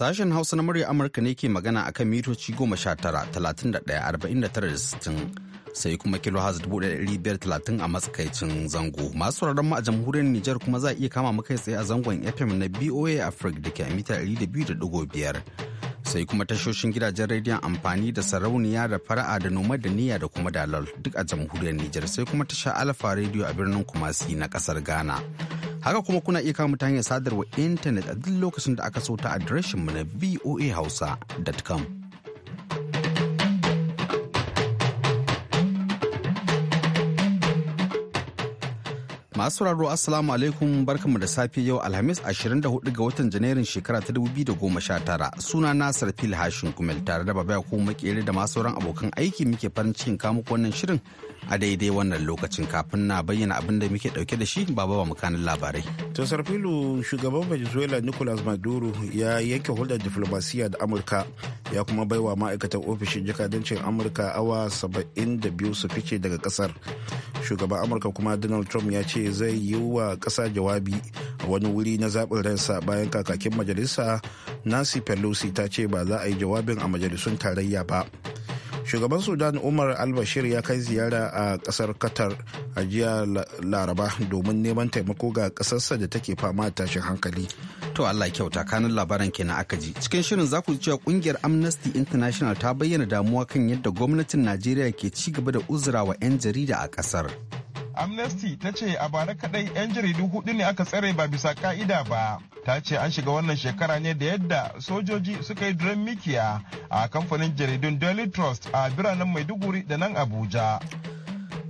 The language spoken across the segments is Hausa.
Sashen Hausa na murya Amurka ne ke magana akan mitoci goma sha tara, talatin da daya arba'in da tara da sittin. Sai kuma kilo has dubu ɗari biyar talatin a matsakaicin zango. Masu sauraron mu a jamhuriyar Nijar kuma za a iya kama mu kai tsaye a zangon FM na BOA Africa da ke a mita ɗari da biyu Sai kuma tashoshin gidajen rediyon amfani da sarauniya da fara'a da noma da niyya da kuma dalal duk a jamhuriyar Nijar sai kuma tasha Alfa rediyo a birnin Kumasi na ƙasar Ghana. Haka kuma kuna iya kama ta hanyar sadarwa intanet a duk lokacin da aka so ta mu na voahausa.com. Masu sauraro Assalamu alaikum barkanmu da safe yau Alhamis 24 ga watan Janairun shekara ta 2019 suna nasar Fil Hashin Kumel tare da Babaya ko makere da masu sauran abokan aiki muke farin cikin kamu wannan shirin a daidai wannan lokacin kafin na bayyana abin da muke dauke da shi ba ba mukanin labarai. To sarfilu shugaban Venezuela Nicolas Maduro ya yanke hulɗar diflomasiyya da Amurka ya kuma baiwa ma'aikatan ofishin jakadancin Amurka awa saba'in da biyu su fice daga kasar. Shugaban Amurka kuma Donald Trump ya ce zai yi wa ƙasa jawabi a wani wuri na zaɓin ransa bayan kakakin majalisa Nancy Pelosi ta ce ba za a yi jawabin a majalisun tarayya ba. shugaban sudan umar albashir ya kai ziyara a kasar qatar a jiya laraba domin neman taimako ga kasarsa da take fama da tashin hankali to allah kyauta kanin labaran kenan aka ji cikin shirin za ku cewa kungiyar amnesty international ta bayyana damuwa kan yadda gwamnatin najeriya ke ci gaba da uzura wa 'yan jarida a kasar amnesty ta ce a bara kadai 'yan jaridu hudu ne aka tsare ba bisa ka'ida ba ta ce an shiga wannan shekara ne da yadda sojoji suka yi drum mikiya a kamfanin jaridun daily trust a biranen maiduguri da nan abuja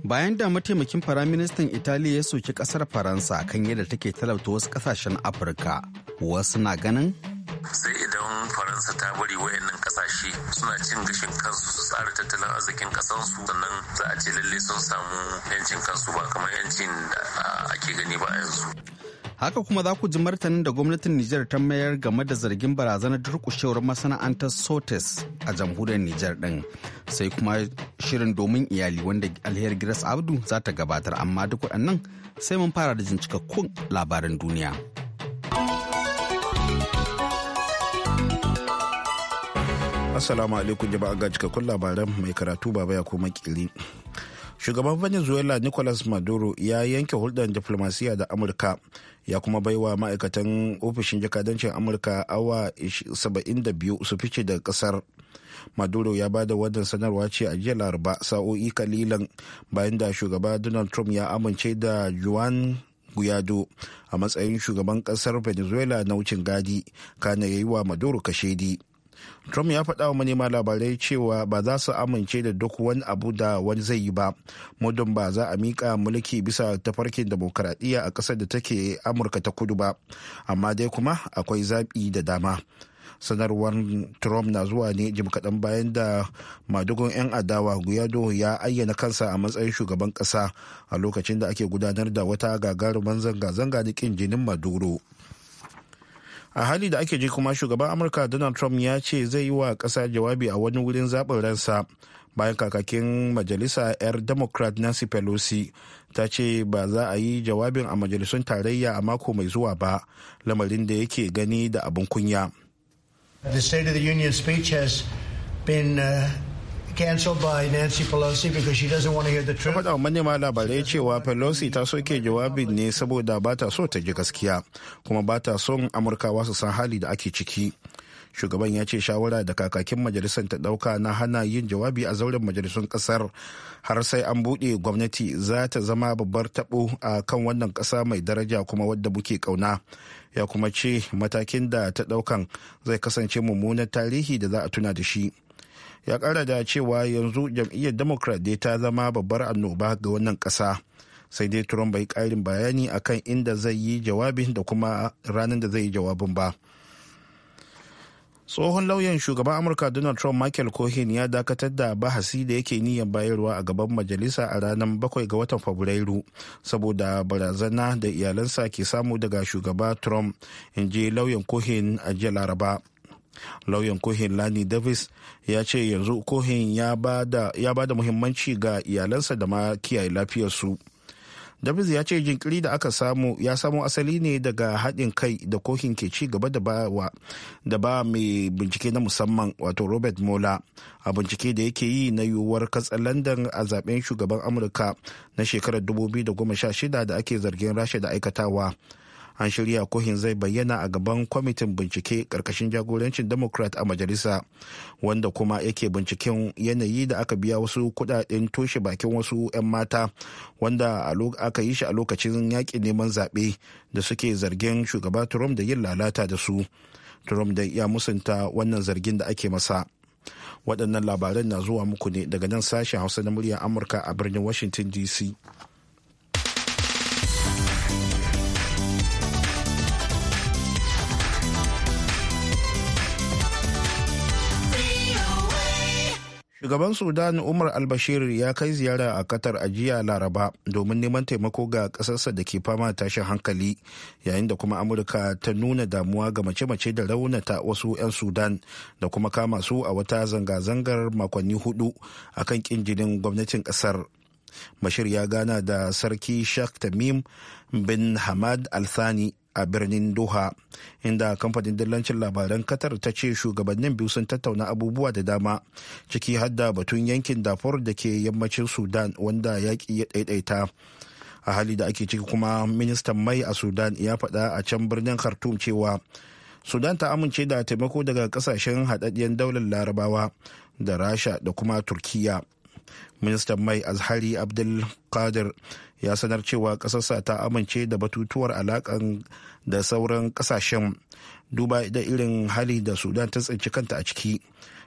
bayan da mataimakin firaministan italiya ya soki kasar faransa kan yadda take talauta wasu kasashen afirka wasu na ganin sai idan faransa ta bari suna cin gashin kansu su tsara tattalin arzikin kasansu sannan za a ce lalle sun samu yancin kansu ba kamar yancin da ake gani ba yanzu. Haka kuma za ku ji martanin da gwamnatin Nijar ta mayar game da zargin barazanar durkushewar masana'antar Sotes a jamhuriyar Nijar ɗin. Sai kuma shirin domin iyali wanda alheri Giras Abdu za ta gabatar amma duk waɗannan sai mun fara da jin cikakkun labaran duniya. Assalamu alaikum jama'a ga cikakkun labaran mai karatu baba ya kuma kiri. Shugaban Venezuela Nicolas Maduro ya yanke hulɗar diplomasiya da Amurka ya kuma baiwa ma'aikatan ofishin jakadancin Amurka awa 72 su fice daga kasar. Maduro ya bada wannan sanarwa ce a jiya Laraba sa'o'i kalilan bayan da shugaba Donald Trump ya amince da Juan Guaido a matsayin shugaban ƙasar Venezuela na wucin gadi kana yayi wa Maduro kashedi. trump ya faɗa wa manema labarai cewa ba za su amince da duk wani abu da wani zai yi ba mudun ba za a miƙa mulki bisa tafarkin demokaradiyya a ƙasar da take amurka ta kudu ba amma dai kuma akwai zaɓi da dama sanarwar trump na zuwa ne jim kaɗan bayan da madugun 'yan adawa guyado ya ayyana kansa a matsayin shugaban ƙasa a lokacin da ake gudanar da wata gagarumin zanga-zanga da ƙin jinin maduro a hali da ake ji kuma shugaban amurka donald trump ya ce zai yi wa ƙasa jawabi a wani wurin zaɓin ransa bayan kakakin majalisa 'yar democrat nancy pelosi ta ce ba za a yi jawabin a majalisun tarayya a mako mai zuwa ba lamarin da yake gani da abin kunya the union speech has uh, canceled by Nancy Pelosi because she doesn't want to hear the truth. manyan labarai cewa Pelosi ta soke jawabin ne saboda ba ta so ta ji gaskiya kuma ba ta son Amurkawa su san hali da ake ciki. Shugaban ya ce shawara da kakakin majalisar ta ɗauka na hana yin jawabi a zauren majalisun ƙasar har sai an buɗe gwamnati za ta zama babbar taɓo a kan wannan ƙasa mai daraja kuma wadda muke ƙauna. Ya kuma ce matakin da ta ɗaukan zai kasance mummunan tarihi da za a tuna da shi. ya kara da cewa yanzu jam'iyyar democrat dai ta zama babbar annoba ga wannan kasa sai dai trump bai karin bayani akan inda zai yi jawabin da kuma ranar da zai yi jawabin ba tsohon lauyan shugaban amurka donald trump michael cohen ya dakatar da bahasi da yake niyyar bayarwa a gaban majalisa a ranar 7 ga watan fabrairu saboda barazana da iyalansa ke samu daga shugaba trump in ji lauyan cohen a jiya laraba lauyan kohin lani davis ya ce yanzu kohin ya ba da muhimmanci ga iyalansa da ma kiyaye lafiyarsu davis ya ce jinkiri da aka samu ya samo asali ne daga haɗin kai da kohin ke ci gaba da da ba mai bincike na musamman wato robert mola a bincike da yake yi na yiwuwar katsalandan a zaben shugaban amurka na shekarar 2016 da ake zargin rasha da aikatawa an shirya kohin zai bayyana a gaban kwamitin bincike karkashin jagorancin democrat a majalisa wanda kuma yake binciken yanayi da aka biya wasu kudaden toshe bakin wasu 'yan mata wanda aka yi shi a lokacin yakin neman zaɓe da suke zargin shugaba trump da yin lalata da su trump da ya musunta wannan zargin da ake masa waɗannan labaran na zuwa muku ne daga nan sashen hausa na muryar amurka a birnin washington dc shugaban sudan umar albashir ya kai ziyara a qatar a jiya laraba domin neman taimako ga ƙasarsa da ke fama tashin hankali yayin da kuma amurka ta nuna damuwa ga mace-mace da raunata wasu 'yan sudan da kuma kama su a wata zanga-zangar makonni hudu a kan jinin gwamnatin ƙasar bashir ya gana da sarki shak tamim bin hamad al-thani a birnin doha inda kamfanin dillancin labaran qatar ta ce shugabannin biyu sun tattauna abubuwa da dama ciki hadda batun yankin dafor da ke yammacin sudan wanda yaƙi ya ɗaiɗaita a hali da ake ciki kuma ministan mai a sudan ya faɗa a can birnin khartoum cewa sudan ta amince da taimako daga kasashen haɗaɗɗiyar daular larabawa da rasha da kuma turkiyya. ministan mai azhari qadir ya sanar cewa ƙasarsa ta amince da batutuwar alakan da sauran ƙasashen duba da irin hali da sudan ta tsinci kanta a ciki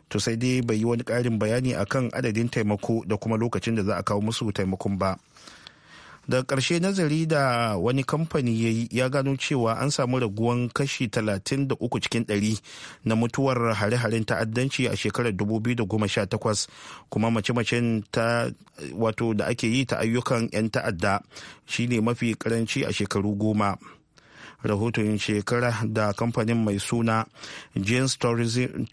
to sai dai bai yi wani ƙarin bayani akan adadin taimako da kuma lokacin da za a kawo musu taimakon ba. da ƙarshe nazari da wani kamfani ya ya gano cewa an samu raguwan kashi 33 cikin 100 na mutuwar hare-haren ta'addanci a shekarar 2018 kuma mace-macen ta wato da ake yi ta ayyukan 'yan ta'adda shine mafi karanci a shekaru goma rahoton shekara da kamfanin mai suna james tourism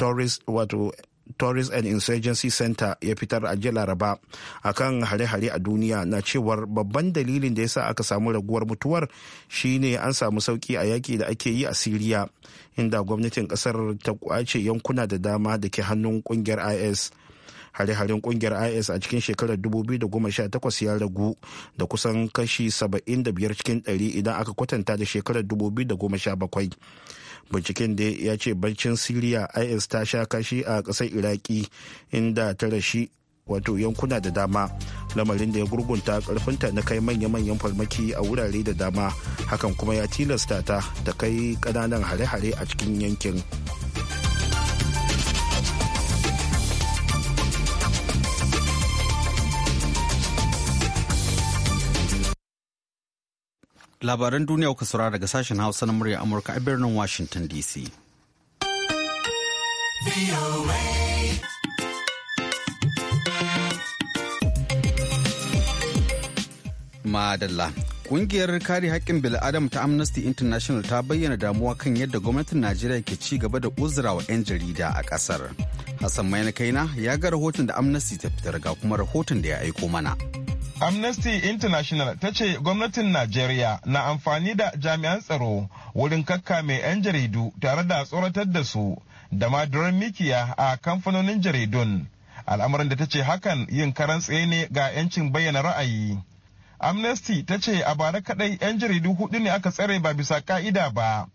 wato Tourist and Insurgency Center ya fitar a jiya Laraba a kan hare-hare a duniya na cewar babban dalilin da ya sa aka samu raguwar mutuwar shine an samu sauki a yaƙi da ake yi a Siriya inda gwamnatin ƙasar ta kwace yankuna da dama da ke hannun ƙungiyar IS. hare-haren kungiyar is a cikin shekarar 2018 ya ragu da kusan kashi 75 cikin 100 idan aka kwatanta da shekarar 2017 binciken da ya ce barcin siriya is ta sha kashi a ƙasar iraki inda ta rashi wato yankuna da dama lamarin da ya gurgunta karfinta na kai manya-manyan farmaki a wurare da dama hakan kuma ya tilasta ta ta kai ƙananan hare-hare a cikin yankin. labaran duniya kuka saura daga sashen hausa na murya amurka a birnin washington dc madalla Ƙungiyar kare haƙƙin bil'adam ta Amnesty International ta bayyana damuwa kan yadda gwamnatin Najeriya ke ci gaba da uzura wa 'yan jarida a ƙasar. Hassan Maina Kaina ya ga rahoton da Amnesty ta fitar ga kuma rahoton da ya aiko mana. Amnesty International ta ce gwamnatin Najeriya na amfani da jami'an tsaro wurin kakkame 'yan jaridu tare da tsoratar da su da maduran mikiya a kamfanonin jaridun. Al'amarin da ta ce hakan yin karan tsaye ne ga 'yancin bayyana ra'ayi. Amnesty ta ce a bara kadai 'yan jaridu hudu ne aka tsare ba bisa ka'ida ba.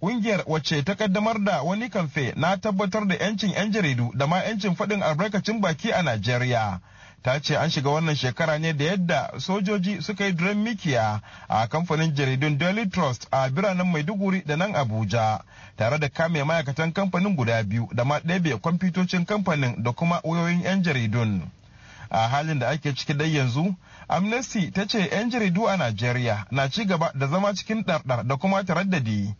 Ƙungiyar wacce ta kaddamar da wani kamfe na tabbatar da 'yancin 'yan jaridu da ma 'yancin faɗin albarkacin baki a Najeriya. ta ce an shiga wannan shekara ne da yadda sojoji suka yi duran mikiya a kamfanin jaridun daily trust a biranen maiduguri da nan abuja tare da kame ma'aikatan kamfanin guda biyu da ma ɗebe kwamfutocin kamfanin da kuma wayoyin 'yan jaridun a halin da ake ciki dai yanzu amnesty ta ce 'yan jaridu a najeriya na ci gaba da zama cikin ɗarɗar da kuma taraddadi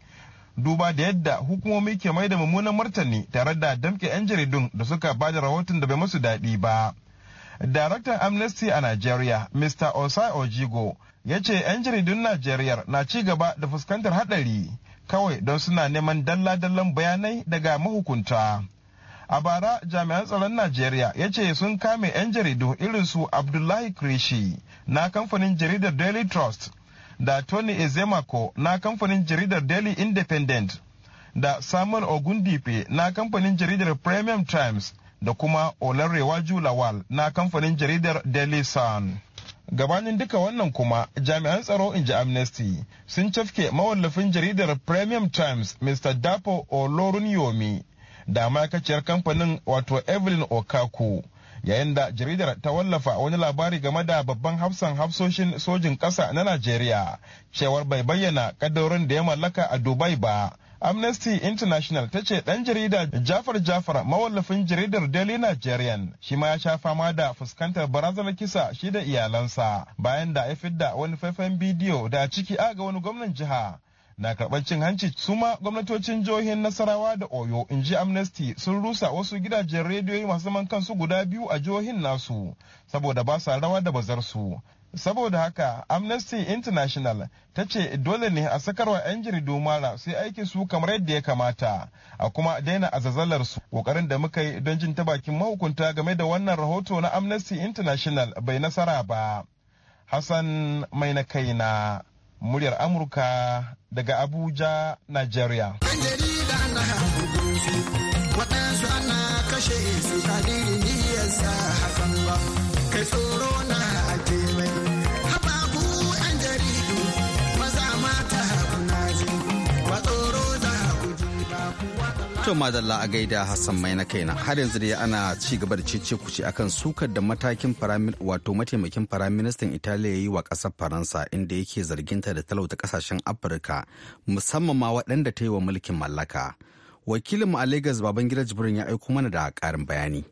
duba da yadda hukumomi ke mai da mummunan martani tare da damke 'yan jaridun da suka ba da rahoton da bai masu daɗi ba Daraktan Amnesty a Najeriya, Mr. Osai Ojigo, ya ce 'yan jaridun Najeriya na ci gaba da fuskantar haɗari kawai don suna neman dalla-dallan bayanai daga mahukunta. A bara jami'an tsaron Najeriya ya ce sun kame 'yan jaridu irin su Abdullahi Krishi na kamfanin jaridar Daily Trust da Tony Ezemako na kamfanin jaridar Daily Independent da Samuel Ogundipe na kamfanin jaridar Premium Times da kuma Olanrewaju Lawal na kamfanin jaridar Daily Sun. Gabanin duka wannan kuma jami'an tsaro in ji Amnesty sun cafke mawallafin jaridar Premium Times Mr. Dapo yomi da ma'aikaciyar kamfanin wato Evelyn Okaku. yayin da jaridar ta wallafa wani labari game da babban hafsan hafsoshin sojin ƙasa na Najeriya cewar bai bayyana kaddarorin da ya mallaka a Dubai ba amnesty international ta ce dan jarida jafar jafar mawallafin jaridar daily nigerian shi ma ya sha fama da fuskantar barazanar kisa shi da iyalansa bayan da ya fidda wani faifan bidiyo da ciki a ga wani gwamnan jiha na karɓar cin hanci su ma gwamnatocin jihohin nasarawa da oyo in ji amnesty sun rusa wasu gidajen rediyoyi masu zaman kansu guda biyu a jihohin nasu saboda ba sa rawa da bazarsu saboda haka amnesty international ta ce dole ne a sakarwa 'yan jaridu mara sai aikin su kamar yadda ya kamata a kuma daina azazalar su kokarin da muka yi don jin ta bakin mahukunta game da wannan rahoto na amnesty international bai nasara ba hassan mai na kaina muryar amurka daga abuja nigeria To madalla a gaida Hassan mai na kaina har yanzu dai ana ci gaba da cece kuce akan sukar da matakin wato mataimakin firaministan Italiya yi wa kasar Faransa inda yake ta da talauta kasashen Afirka musamman ma waɗanda ta yi wa mulkin mallaka. Wakilinmu a Lagos Babangida jibirin ya aiko mana da ƙarin bayani.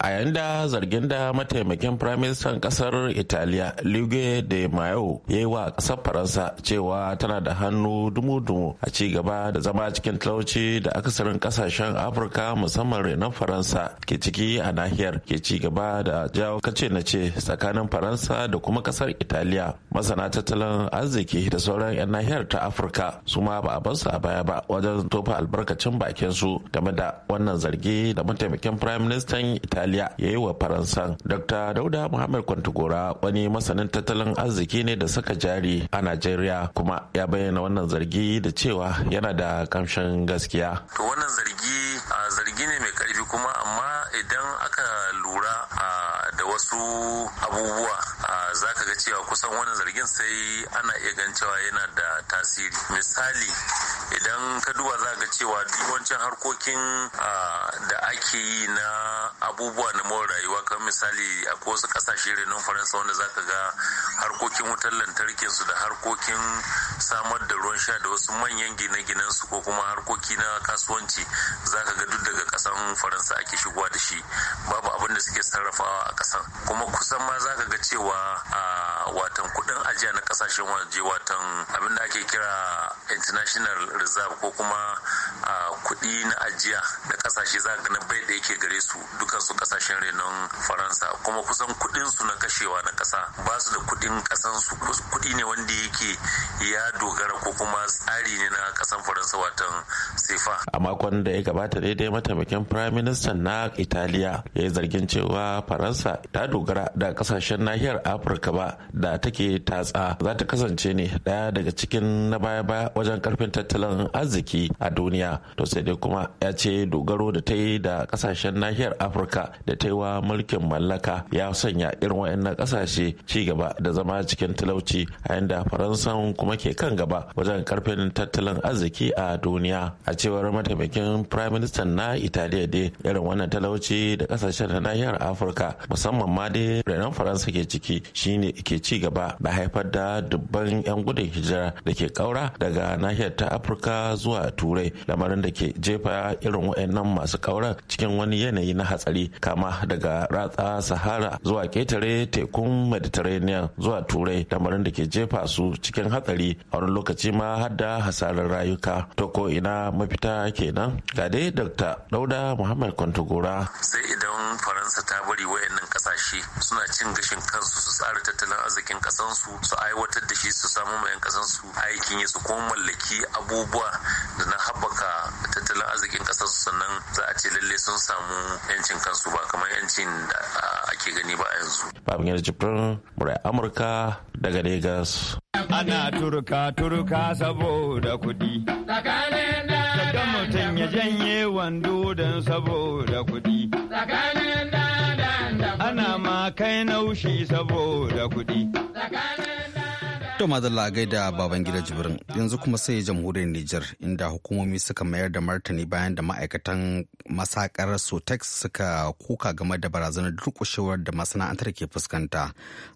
a yayin da zargin da mataimakin firaministan kasar italiya luigi de mayo ya yi wa kasar faransa cewa tana da hannu dumu-dumu a ci gaba da zama cikin talauci da akasarin kasashen afirka musamman renon faransa ke ciki a nahiyar ke ci gaba da jawo kace na ce tsakanin faransa da kuma kasar italiya masana tattalin arziki da sauran 'yan nahiyar ta afirka su ma ba a basu a baya ba wajen tofa albarkacin bakin su game da wannan zargi da mataimakin firaministan italiya italiya ya yi wa faransan dr dauda muhammad Kwantugora wani masanin tattalin arziki ne da saka jari a najeriya kuma ya bayyana wannan zargi da cewa yana da kamshin gaskiya to wannan zargi zargi ne mai kuma amma idan aka lura da wasu abubuwa za ka ga cewa kusan wani zargin sai ana iya gan cewa yana da tasiri misali idan ka duba za ga cewa yawancin harkokin da ake yi na abubuwa na more rayuwa kan misali akwai wasu kasashe renon faransa wanda za ka ga harkokin wutar lantarkinsu, da harkokin samar da ruwan sha da wasu manyan gine ginensu ko kuma harkoki na kasuwanci za ka ga duk daga kasan faransa sa ake shigowa da shi babu abin da suke sarrafawa a ƙasar kuma kusan ma za ka ga cewa a watan kuɗin ajiya na ƙasashen waje watan abin da ake kira international reserve ko kuma kuɗi na ajiya da kasashe za ga na bai da yake gare su dukan su kasashen renon faransa kuma kusan kuɗin su na kashewa na kasa ba su da kuɗin kasan su kuɗi ne wanda yake ya dogara ko kuma tsari ne na kasan faransa watan sefa a makon da ya gabata daidai mataimakin prime minister na italiya ya yi zargin cewa faransa ta dogara da ƙasashen nahiyar afirka ba da take tatsa za ta kasance ne daya daga cikin na baya-baya wajen karfin tattalin arziki a duniya to sai dai kuma ya ce dogaro da ta yi da kasashen nahiyar afirka da ta yi wa mulkin mallaka ya sanya irin wayannan kasashe ci gaba da zama cikin talauci a yadda faransan kuma ke kan gaba wajen karfin tattalin arziki a duniya a cewar mataimakin prime minister na italiya dai irin wannan talauci da kasashen na nahiyar afirka musamman ma dai renon faransa ke ciki shine ke ci gaba da haifar da dubban yan gudun hijira da ke kaura daga nahiyar ta afirka zuwa turai lamarin da ke ke jefa irin wa'annan masu kauran cikin wani yanayi na hatsari kama daga ratsa sahara zuwa ketare tekun mediterranean zuwa turai tamarin da ke jefa su cikin hatsari a wani lokaci ma har da hasarar rayuka to ko ina mafita kenan ga dai dr dauda muhammad kwantagora sai idan faransa ta bari wayannan kasashe suna cin gashin kansu su tsara tattalin arzikin kasansu su aiwatar da shi su samu mayan kasansu aikin yi su kuma mallaki abubuwa da na haɓaka tattalin arzikin kasar su sannan za a ce lalle sun samu yancin kansu ba kamar yancin da ake gani ba yanzu babin yanzu jibrin murai amurka daga Legas. ana turka turka saboda kuɗi da mutum ya janye wando don saboda kuɗi ana ma kai naushi saboda kuɗi To madalla gaida baban gida jibirin yanzu kuma sai jamhuriyar Nijar inda hukumomi suka mayar da martani bayan da ma'aikatan masakar Sotex suka kuka game da barazanar durkushewar da masana'antar ke fuskanta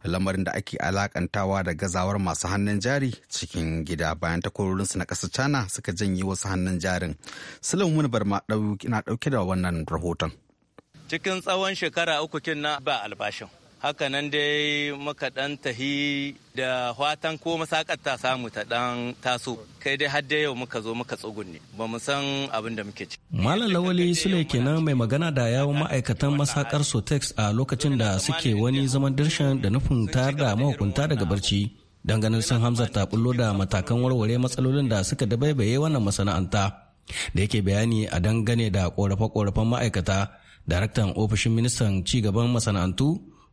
lamarin da ake alakantawa da gazawar masu hannun jari cikin gida bayan takwarorinsu na ƙasar China suka janye wasu hannun jarin. Sulaiman Barma na ɗauke da wannan rahoton. Cikin tsawon shekara uku kin na ba albashin. haka nan dai muka ɗan tahi da watan ko masakar ta samu ta ɗan taso kai dai har dai yau muka zo muka tsugunne ba mu san abin da muke ci. Malam Lawali Sule kenan mai magana da yawon ma'aikatan masakar Sotex a lokacin da suke wani zaman dirshan da nufin tayar da mahukunta daga barci. Danganin sun hamza ta bullo da matakan warware matsalolin da suka dabaibaye wannan masana'anta. Da yake bayani a dangane da korafe-korafen ma'aikata, daraktan ofishin ministan cigaban masana'antu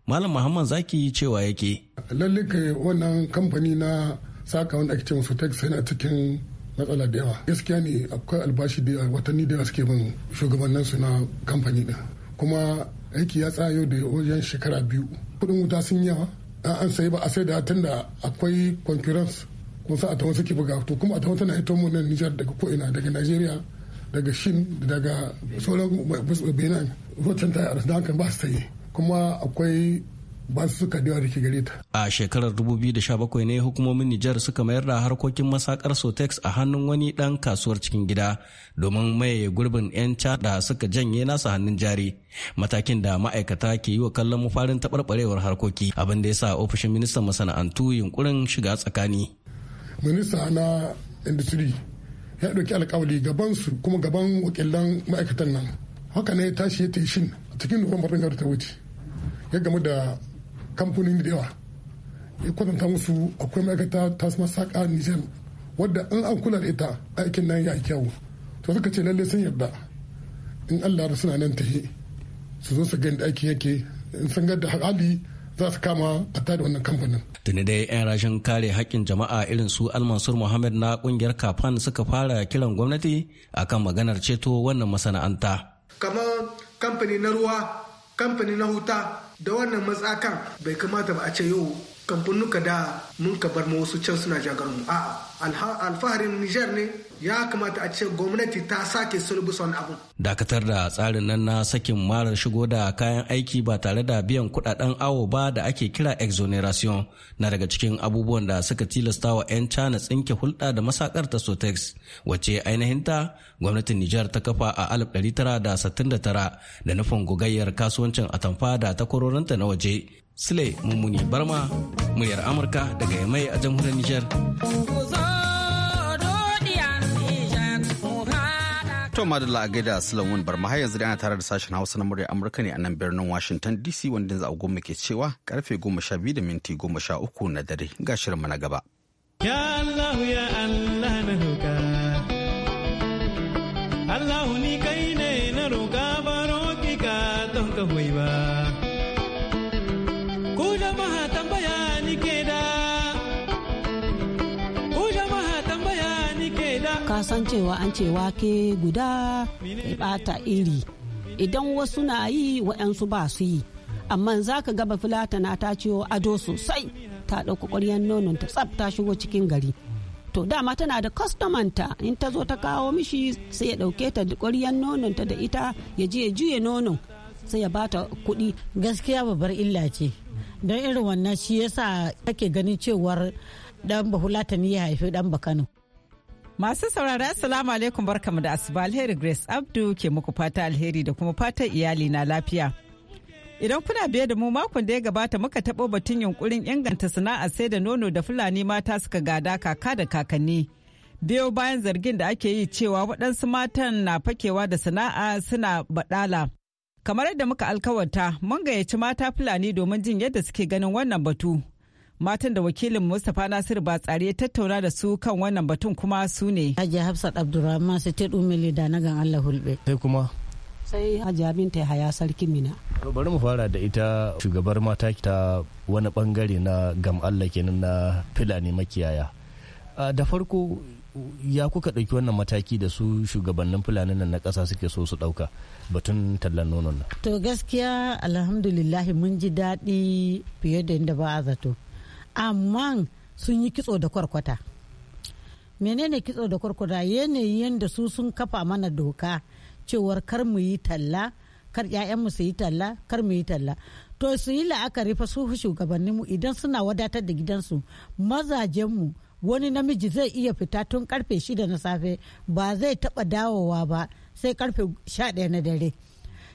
Malam Muhammad Zaki cewa yake. Lallika kai wannan kamfani na saka wanda ake cewa Sotex yana cikin matsala da yawa. Gaskiya ne akwai albashi da watanni da yawa suke bin shugabannin su na kamfani din. Kuma aiki ya tsayo da wajen shekara biyu. Kudin wuta sun yawa. An sai ba a sai da tunda akwai concurrence kun sa a tawon suke buga to kuma a tawon tana hito mu nan Nijar daga ina daga Najeriya daga Shin daga sauran Benin Rotan ta yi a ba su ta yi. kuma akwai ba su suka da da ke gare ta. A shekarar 2017 ne hukumomin Nijar suka mayar da harkokin masakar Sotex a hannun wani dan kasuwar cikin gida domin maye gurbin 'yan da suka janye nasa hannun jari. Matakin da ma'aikata ke yi wa kallon mafarin taɓarɓarewar harkoki abin da ya sa ofishin ministan masana'antu yunkurin shiga tsakani. Minista na industry ya ɗauki alkawali gaban su kuma gaban wakilan ma'aikatan nan. Haka ne ya tashi ya shin a cikin Nuwambar ta wuce. ya gamu da kamfanin da yawa ya kwatanta musu akwai ma'aikata ta sama saƙa nijar wadda an an kula da ita aikin nan ya kyau to suka ce lalle sun yarda in allah suna nan tahi su zo su gani da aikin yake in sun gada da hali za su kama a tada wannan kamfanin. Tuni dai 'yan rashin kare haƙƙin jama'a irin su Almansur Muhammad na ƙungiyar Kafan suka fara kiran gwamnati akan maganar ceto wannan masana'anta. Kamar kamfani na ruwa, kamfani na huta, da wannan matsakan bai kamata ba a ce yau kamfanuka da mun ka bar mu wasu can suna jagar mu a'a alfaharin Nijar ne ya kamata a ce gwamnati ta sake sulbuson abu. Dakatar da tsarin nan na sakin marar shigo da kayan aiki ba tare da biyan kudaden awo ba da ake kira exoneration na daga cikin abubuwan da suka tilasta wa 'yan China tsinke hulɗa da masakar ta Sotex wacce ainihinta gwamnatin Nijar ta kafa a 1969 da nufin gogayyar kasuwancin atamfa da takwarorinta na waje Sule Mummuni Barma, muryar Amurka daga Yamai a jamhuriyar Nijar. Tom Adela a gaida Sulaiman Barma har yanzu da ana tare da sashen Hausa na murya Amurka ne a nan birnin Washington DC wanda yanzu goma ke cewa karfe 12 da minti uku na dare ga shirinmu na gaba. Ya Allah ya Allah na roka. Allah ni kai ne na roka baro ki ka don ka ba. Ku jama'a tambaya ke da. Ku jama'a tambaya ke da. Ka san cewa an ce wake guda ya bata iri. Idan wasu na yi waɗansu ba su yi. Amma za ka gaba na ta ciwo ado sosai ta ɗauki ƙwaryar nonon ta tsaf ta shigo cikin gari. to dama tana da kwastomanta in ta zo ta kawo mishi sai ya dauke ta nonon ta da ita ya je ya juye nonon sai ya bata kuɗi gaskiya babbar illa ce don irin wannan shi yasa ake ganin cewar dan bahulatani ya haifi dan bakano Masu saurari Assalamu alaikum barkamu da asuba alheri Grace Abdu ke muku fata alheri da kuma fatan iyali na lafiya. Idan kuna biye da mu makon da ya gabata muka taɓo batun yunkurin inganta sana'a sai da nono da Fulani mata suka gada kaka da kakanni. Biyo bayan zargin da ake yi cewa waɗansu matan na fakewa da sana'a suna baɗala. Kamar yadda muka alkawarta, mun gayyaci mata Fulani domin jin yadda suke ganin wannan batu. Matan da wakilin Mustapha Nasiru ba tsari ya tattauna da su kan wannan batun kuma su ne. Hajiya hafsa abdurrahman su ta ɗumile da na gan Allah hulɓe. Sai kuma sai hajiya binta haya sarki mina bari mu fara da ita shugabar mata ta wani bangare na gam allah kenan na fulani makiyaya ah, da farko ya kuka ɗauki wannan mataki da su shugabannin fulani nan na ƙasa suke so su ɗauka batun tallan nonon nan. To gaskiya alhamdulillahi mun ji daɗi fiye da inda ba a zato. Amma sun yi kitso da kwarkwata. Menene kitso da kwarkwata yanayin da su sun kafa mana doka cewar kar mu yi talla kar 'ya'yanmu su yi talla kar mu yi talla. to su yi la'akari fa su shugabanninmu idan suna wadatar da gidansu mazajenmu wani namiji zai iya fita tun karfe shida na safe ba zai taba dawowa ba sai karfe sha ɗaya na dare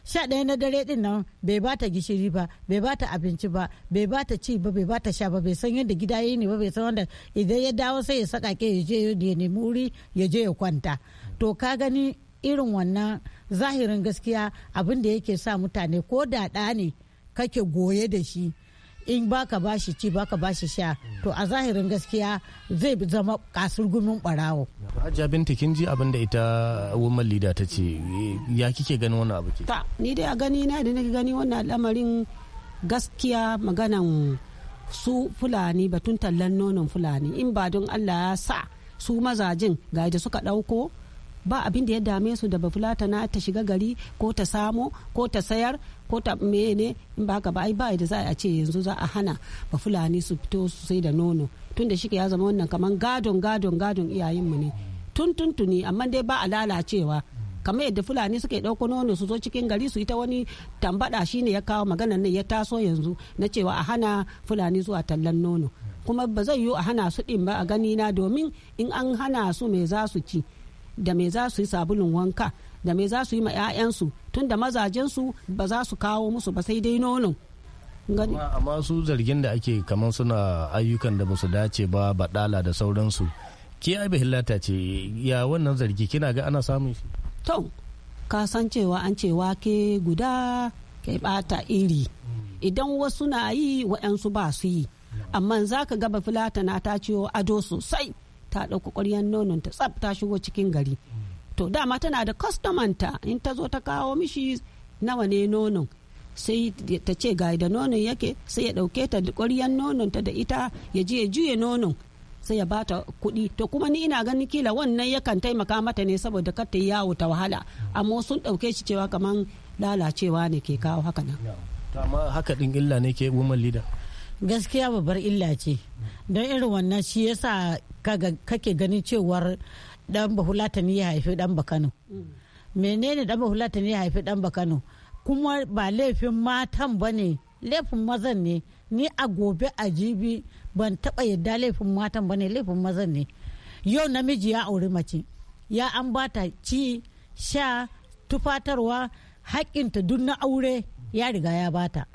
sha ɗaya na dare din nan bai ba ta gishiri ba bai ba ta abinci ba bai ba ta ci ba bai ba ta sha ba bai san yadda gida yi ne ba bai san wanda idan ya dawo sai ya saka ke ya je ya nemi wuri ya je ya kwanta to ka gani irin wannan zahirin gaskiya abin da yake sa mutane ko da ɗa ne kake goye da shi in baka bashi ci baka bashi sha to a zahirin gaskiya zai zama kasar gumin barawo. Hajiya binta kin ji abin da ita uh, woman leader ta ce ya kike gani wannan abu ke? Ta ni dai a gani na da nake gani wannan al'amarin gaskiya maganan su fulani batun tallan nonon fulani in ba don Allah ya sa su mazajin ga da suka ɗauko ba abin da ya dame su da bafulata na ta shiga gari ko ta samo ko ta sayar ko ta ne in ba haka ba ai ba da za a ce yanzu za a hana ba fulani su fito su sai da nono tun da shike ya zama wannan kaman gadon gadon gadon iyayen mu ne tun tuntuni amma dai ba a lalacewa kamar yadda fulani suke ɗauko nono su zo cikin gari su ita wani tambada shine ya kawo maganar nan ya taso yanzu na cewa a hana fulani zuwa tallan nono kuma ba zai yiwu a hana su ɗin ba a gani na domin in an hana su me za su ci da me za su yi sabulun wanka da me za su yi ma 'ya'yansu tunda mazajensu ba za su kawo musu ba sai dai nono gani amma su zargin da ake kamar suna ayyukan da musu dace ba badala da sauransu ke bai hillata ce ya wannan zargi kina ga ana samun shi to ka san cewa an ce wake guda kai bata iri idan wasu na yi wa'yansu ba su yi amma za ka gaba filata na ta ciwo ado sosai ta ɗauki ƙwaryar nonon ta tsaf ta shigo cikin gari to dama tana da kwastomanta in ta zo ta kawo mishi nawa ne nonon sai ta ce ga da nonon yake sai ya dauke ta da ƙwaryan nonon ta da ita ya je ya juye nonon sai ya bata kuɗi to kuma ni ina ganin kila wannan yakan taimaka mata ne saboda kar ta yi yawo ta wahala amma sun dauke shi cewa kamar lalacewa ne ke kawo haka nan. amma haka ɗin illa ne ke woman leader. gaskiya babbar illa ce don irin wannan shi yasa kake ganin cewar dan ne ya haifi dan bakano menene dan ya haifi dan bakano kuma ba laifin matan ba ne laifin mazan ne ni a gobe a jibi ban taɓa yadda laifin matan ba ne laifin mazan ne yau namiji ya auri mace ya an bata ci sha tufatarwa haƙinta duk na aure ya riga ya bata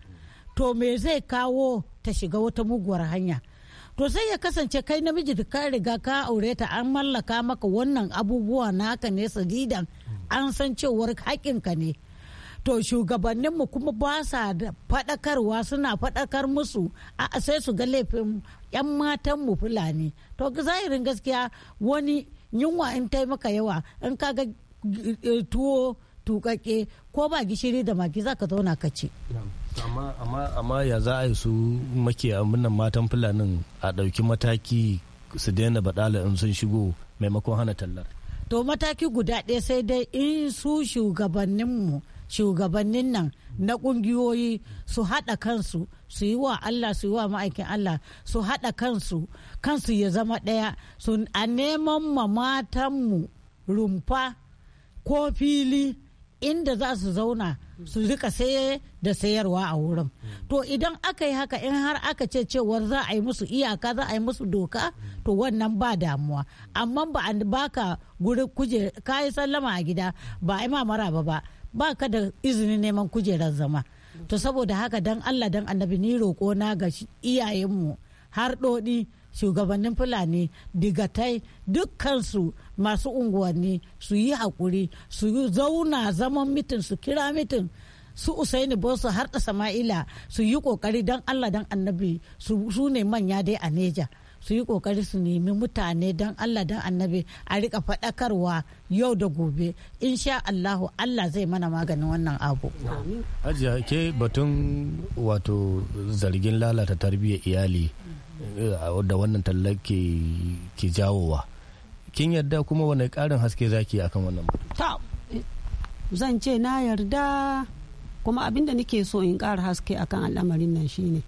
to me zai kawo ta shiga wata muguwar hanya to sai ya kasance kai namiji da ka riga ka aure ta an mallaka maka wannan abubuwa naka ne sadidan an san cewar haƙinka ne to shugabanninmu kuma ba sa da faɗakarwa suna faɗakar musu a sai su ga laifin 'yan matan mu fulani to zahirin gaskiya wani yunwa in ta maka yawa in ka ga eh, tuwo tuƙaƙe ko ba gishiri da magi za ka zauna ka ce. amma ya za a yi su makiya abinnan matan fulanin a ɗauki mataki su daina baɗala in sun shigo maimakon hana tallar to mataki guda ɗaya sai dai in su shugabanninmu shugabannin nan na ƙungiyoyi su haɗa kansu su yi wa Allah su yi wa ma'aikin Allah su haɗa kansu kansu ya zama ɗaya su a neman ma matanmu rumfa ko fili inda za su zauna su rika saye da sayarwa a wurin to idan aka yi haka in har aka ce cewar za a yi musu iyaka za a yi musu doka to wannan ba damuwa amma ba a baka guri kuje kayi sallama a gida ba a yi mamara ba ba ka da izinin neman kujerar zama to saboda haka dan Allah dan annabi ni roƙo na ga iyayenmu har ɗoɗi shugabannin fulani digatai dukkansu masu unguwanni su yi haƙuri su zauna zaman mitin su kira mitin su usaini bosu har da sama'ila su yi ƙoƙari don allah don annabi su ne manya dai a neja su yi kokari su nemi mutane don Allah don annabi a rika faɗakarwa yau da gobe insha Allahu Allah zai mana maganin wannan abu. ke batun wato zargin lalata tarbiyyar iyali Eh, da wannan tallar ke jawowa kin yarda kuma wani karin haske zaki akan wannan ta zan ce na yarda kuma abinda nake so in ƙara haske akan al'amarin nan shine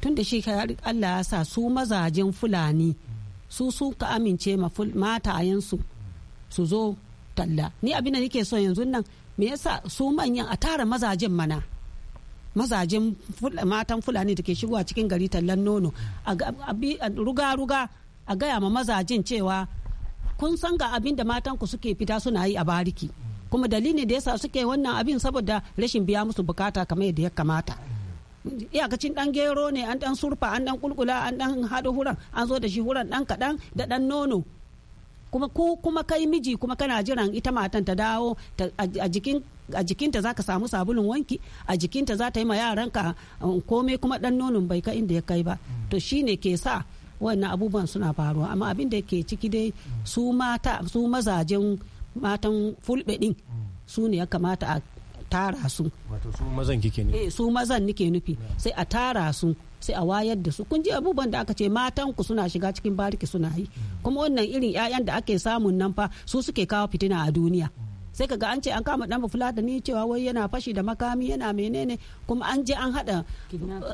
tun da shi Allah ya sa su mazajen fulani su su ka amince matayensu su zo talla ni abinda nake so yanzu nan me yasa su manyan a tara mazajen mana mazajen matan fulani da ke shigowa cikin gari tallan nono ruga-ruga a gaya ma mazajin cewa kun san ga abin da matanku suke fita suna yi a bariki kuma dalilin da yasa suke wannan abin saboda rashin biya musu bukata kamar yadda ya kamata iyakacin dan gero ne an dan surfa an dan kulkula an dan hada huran an zo da shi huran dan kadan da dan nono kuma ku kuma kai miji kuma kana jiran ita matan ta dawo a jikin a jikinta za ka samu sabulun wanki a jikinta za ta yi ma yaranka um, komai kuma dan nonon bai ka inda ya kai ba to shine ke sa wannan abubuwan suna faruwa amma abin da ke ciki dai su mata su mazajen matan fulbe din su ne ya kamata a tara su wato su mazan kike ne eh su mazan nike nufi sai a tara su sai a wayar da su kun ji abubuwan da aka ce matan ku suna shiga cikin bariki suna yi kuma wannan irin 'ya'yan da ake samun nan fa su suke kawo fitina a duniya sai kaga an ce an kama dan fulata ni cewa wai yana fashi da makami yana menene kuma an je an hada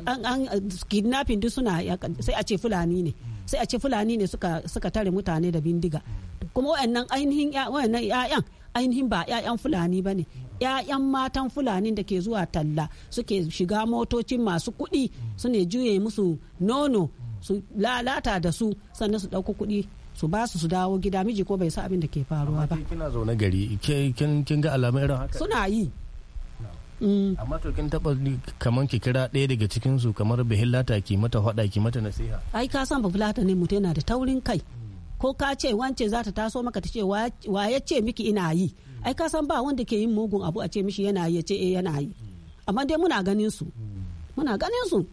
an kidnapping duk suna sai a ce fulani ne sai a ce fulani ne suka suka tare mutane da bindiga kuma wayannan ainihin wayannan ƴaƴan ainihin ba ƴaƴan fulani bane 'ya'yan matan fulani da ke zuwa talla suke shiga motocin masu kuɗi su ne juye musu nono su lalata da su sannan su ɗauko kuɗi su ba su su dawo gida miji ko bai sa abin da ke faruwa ba kina zaune gari kin ga alamun irin haka suna yi mm. amma to kin taba kamar ki kira ɗaya daga cikin su kamar bihillata ki mata hada ki mata nasiha ai ka san bihillata ne mutum yana da taurin kai mm. ko ka ce wance za ta taso maka ta ce wa ya ce miki ina yi ai ka san ba wanda ke yin mugun abu a ce mishi yana yi ce eh yana yi amma dai muna ganin su muna ganin su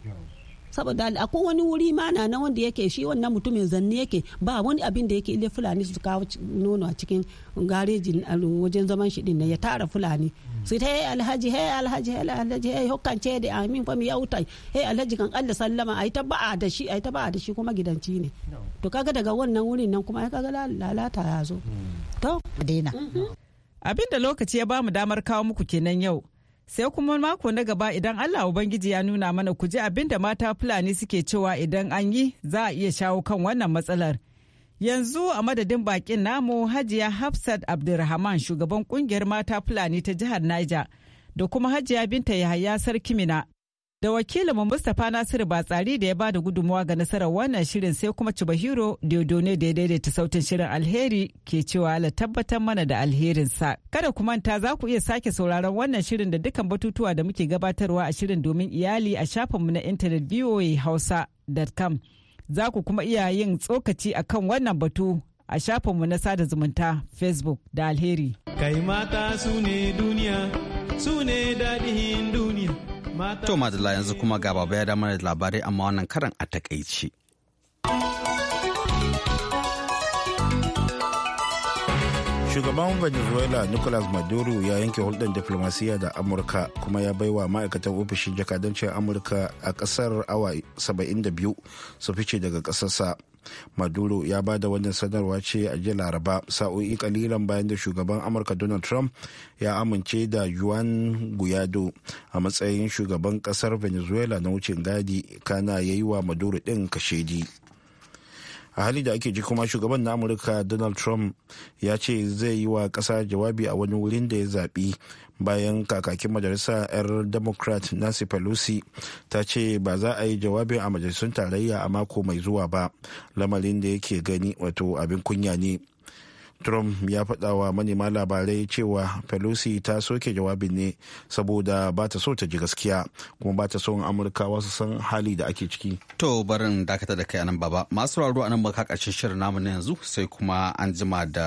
saboda akwai wani wuri ma na wanda yake shi wannan mutumin zanne yake ba wani abin da yake ile fulani su kawo nono a cikin garejin wajen zaman shi din ya tara fulani sai ta yi alhaji hey alhaji hey alhaji hey hukkance da amin fa mi yauta hey alhaji kan Allah sallama ai ta ba'a da shi ai ta ba'a da shi kuma gidanci ne to kaga daga wannan wurin nan kuma ai kaga lalata ya zo to daina mhm. Abin da lokaci ya bamu damar kawo muku kenan yau. Sai kuma mako na gaba idan Allah Ubangiji ya nuna mana ku ji abin da mata Fulani suke cewa idan an yi za a iya shawo kan wannan matsalar. Yanzu a madadin bakin namu Hajiya Hafsat Abdulrahman shugaban kungiyar mata Fulani ta jihar Niger da kuma Hajiya Binta Yahaya Sarki mina da wakilin Mustapha Nasiru Batsari da ya bada gudunmawa ga nasarar wannan shirin sai kuma Chibahiro ne da ya daidaita sautin shirin alheri ke cewa ala tabbatar mana da alherin sa Kada ku manta za ku iya sake sauraron wannan shirin da dukkan batutuwa da muke gabatarwa a shirin domin iyali a shafinmu na intanet voahausa.com. Za ku kuma iya yin tsokaci a kan wannan batu a shafinmu na sada zumunta Facebook da alheri. Kai mata su ne duniya, su ne daɗin duniya. To madalla yanzu kuma ga baba ya damar da labarai amma wannan karan a takaici. Shugaban Venezuela Nicolas Maduro ya yanke hulɗar diflomasiyya da Amurka kuma ya baiwa ma'aikatan ofishin jakadancin Amurka a ƙasar awa 72 su fice daga ƙasarsa. maduro ya ba da wannan sanarwa ce a jiya laraba sa'o'i kalilan bayan da shugaban amurka donald trump ya amince da juan guyado a matsayin shugaban kasar venezuela na wucin gadi kana ya yi wa maduro din kashedi a hali da ake ji kuma shugaban na amurka donald trump ya ce zai yi wa kasa jawabi a wani wurin da ya zaɓi bayan kakakin majalisa 'yar democrat nancy pelosi ta ce ba za a yi jawabin a majalisun tarayya a mako mai zuwa ba lamarin da yake gani wato abin kunya ne trump ya faɗa wa manema labarai cewa pelosi ta soke jawabin ne saboda ba ta so ta ji gaskiya kuma ba ta son amurka wasu san hali da ake ciki to barin dakata da kai anan baba masu raro anan baka karshen shirin namu na yanzu sai kuma an jima da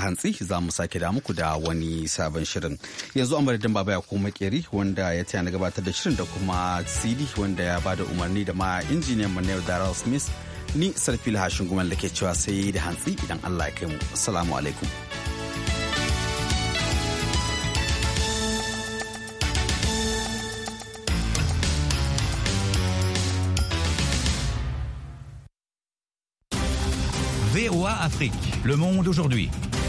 hantsi za mu sake da muku da wani sabon shirin yanzu a madadin baba ya kuma keri wanda ya taya na gabatar da shirin da kuma cd wanda ya bada umarni da ma injiniyan mu na daryl smith ni sarfil hashin guman da ke cewa sai da hantsi idan allah ya kai mu assalamu alaikum Afrique. Le monde aujourd'hui.